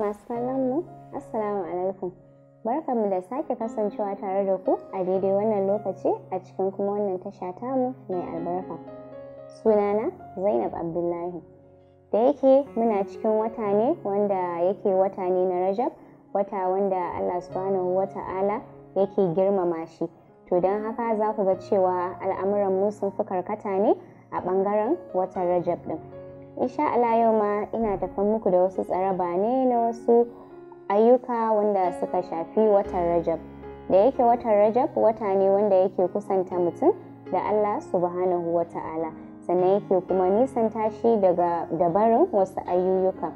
masu kallon mu assalamu alaikum Barka mu da sake kasancewa tare da ku a daidai wannan lokaci a cikin kuma wannan tasha tamu mai albarka sunana zainab abdullahi da yake muna cikin wata ne wanda yake wata ne na rajab wata wanda allah subhanahu wa ta'ala yake girmama shi to don haka za ku ga cewa al'amuran mu sun fi karkata ne a ɓangaren watan rajab ɗin Insha'allah yau ma littattafan muku da wasu tsaraba ne na wasu ayyuka wanda suka shafi watan rajab da yake watan rajab wata ne wanda yake kusanta mutum da allah subhanahu wa ta'ala sannan yake kuma nisan tashi daga dabarin wasu ayyuka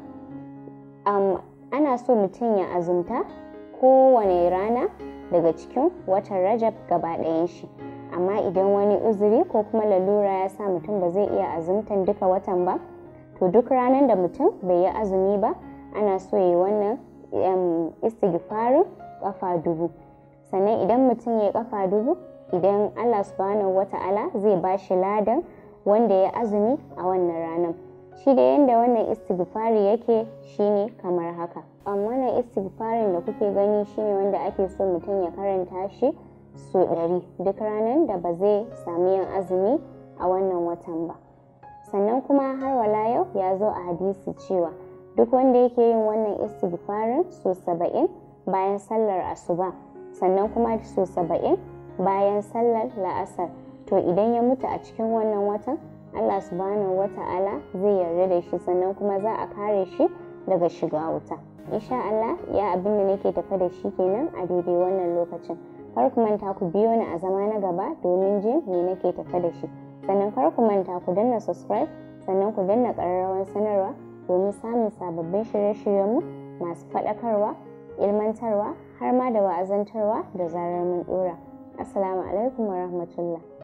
ana so mutum ya azumta kowane rana daga cikin watan rajab gaba ɗayan shi amma idan wani uzuri ko kuma lalura ya sa mutum ba zai iya azumtan duka watan ba to duk ranar da mutum bai yi azumi ba ana so yi wannan istighfarin kafa dubu sannan idan mutum ya kafa dubu idan allah subhanahu wata'ala zai ba shi ladan wanda ya azumi a wannan ranar shi da yadda wannan istighfari yake shine kamar haka amma wannan istighfarin da kuke gani shine wanda ake so mutum ya karanta shi so ɗari duk ranar da ba zai sami yin azumi a wannan watan ba sannan kuma har wala yau ya zo a hadisi cewa duk wanda yake yin wannan istighfarin so saba'in bayan sallar asuba sannan kuma so saba'in bayan sallar la'asar to idan ya mutu a cikin wannan watan allah subhanahu wata'ala zai yarda da shi sannan kuma za a kare shi daga shiga wuta insha allah ya abin da nake tafe da shi kenan a daidai wannan lokacin har ku manta ku biyo ni a zama na gaba domin jin me nake tafe da shi sannan kar ku manta ku danna subscribe sannan ku danna ƙararrawar sanarwa domin samun sababbin shirye-shiryenmu masu faɗakarwa ilmantarwa har ma da wa'azantarwa da zarar mun ɗora assalamu alaikum wa rahmatullah